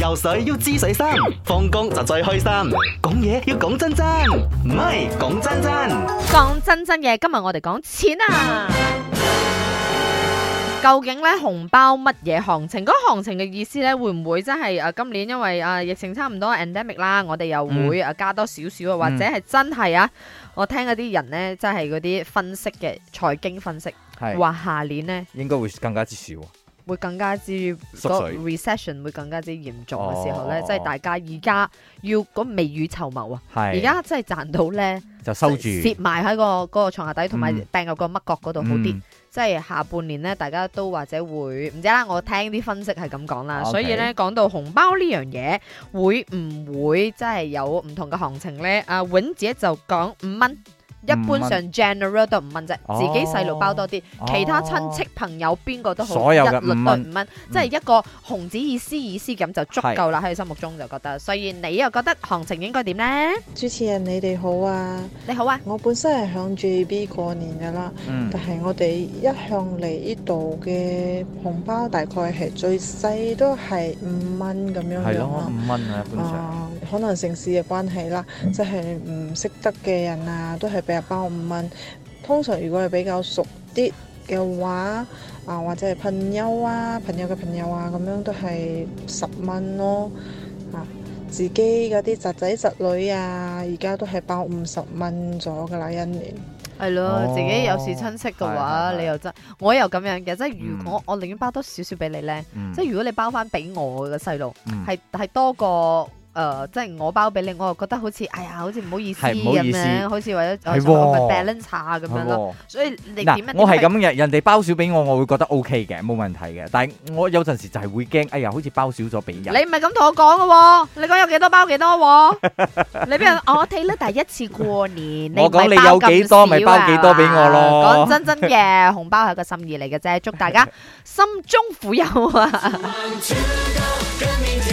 游水要知水深，放工就最開心。講嘢要講真真，唔係講真真。講真真嘅，今日我哋講錢啊！究竟咧紅包乜嘢行情？嗰個行情嘅意思咧，會唔會真係誒？今年因為誒、啊、疫情差唔多 endemic 啦，我哋又會誒加多少少啊？或者係真係啊、嗯？我聽嗰啲人咧，真係嗰啲分析嘅財經分析，係話下年咧應該會更加之少。會更加之、個 recession 會更加之嚴重嘅時候咧，即、哦、係大家而家要個未雨綢繆啊！而家真係賺到咧，就收住、嗰個，摺埋喺個嗰個床下底，同埋掟入個乜角嗰度好啲。即、嗯、係下半年咧，大家都或者會唔知啦。我聽啲分析係咁講啦，所以咧講、okay、到紅包呢樣嘢，會唔會即係有唔同嘅行情咧？阿、啊、永姐就講五蚊。一般上 general 都五蚊啫，哦、自己細路包多啲，哦、其他親戚朋友邊、哦、個都好，所有一律都五蚊，嗯，即係一個紅紙，意思意思咁就足夠啦。喺、嗯、你心目中就覺得，所以你又覺得行情應該點呢？主持人你哋好啊，你好啊，我本身係響 JB 過年噶啦，嗯，但係我哋一向嚟呢度嘅紅包大概係最細都係五蚊咁樣的。係咯，五蚊啊，一般上。嗯可能城市嘅關係啦，即係唔識得嘅人啊，都係俾人包五蚊。通常如果係比較熟啲嘅話，啊或者係朋友啊、朋友嘅朋友啊，咁樣都係十蚊咯。啊，自己嗰啲侄仔侄女啊，而家都係包五十蚊咗噶啦，一年。係咯、哦，自己有時親戚嘅話，你又真，我又咁樣嘅、嗯，即係如果我我寧願包多少少俾你咧、嗯，即係如果你包翻俾我嘅細路，係、嗯、係多過。誒、呃，即、就、係、是、我包俾你，我又覺得好似，哎呀，好似唔好意思咁、啊、樣，好似為咗係喎 b a l a 咁樣咯。所以你嗱，我係咁嘅，人哋包少俾我，我會覺得 O K 嘅，冇問題嘅。但係我有陣時就係會驚，哎呀，好似包少咗俾人。你唔係咁同我講嘅喎，你講有幾多少包幾多喎、啊？ 你邊、哦、我睇咧，第一次過年， 你我講你有幾多，咪包幾多俾我咯。講真真嘅， 紅包係個心意嚟嘅啫，祝大家心中富有啊！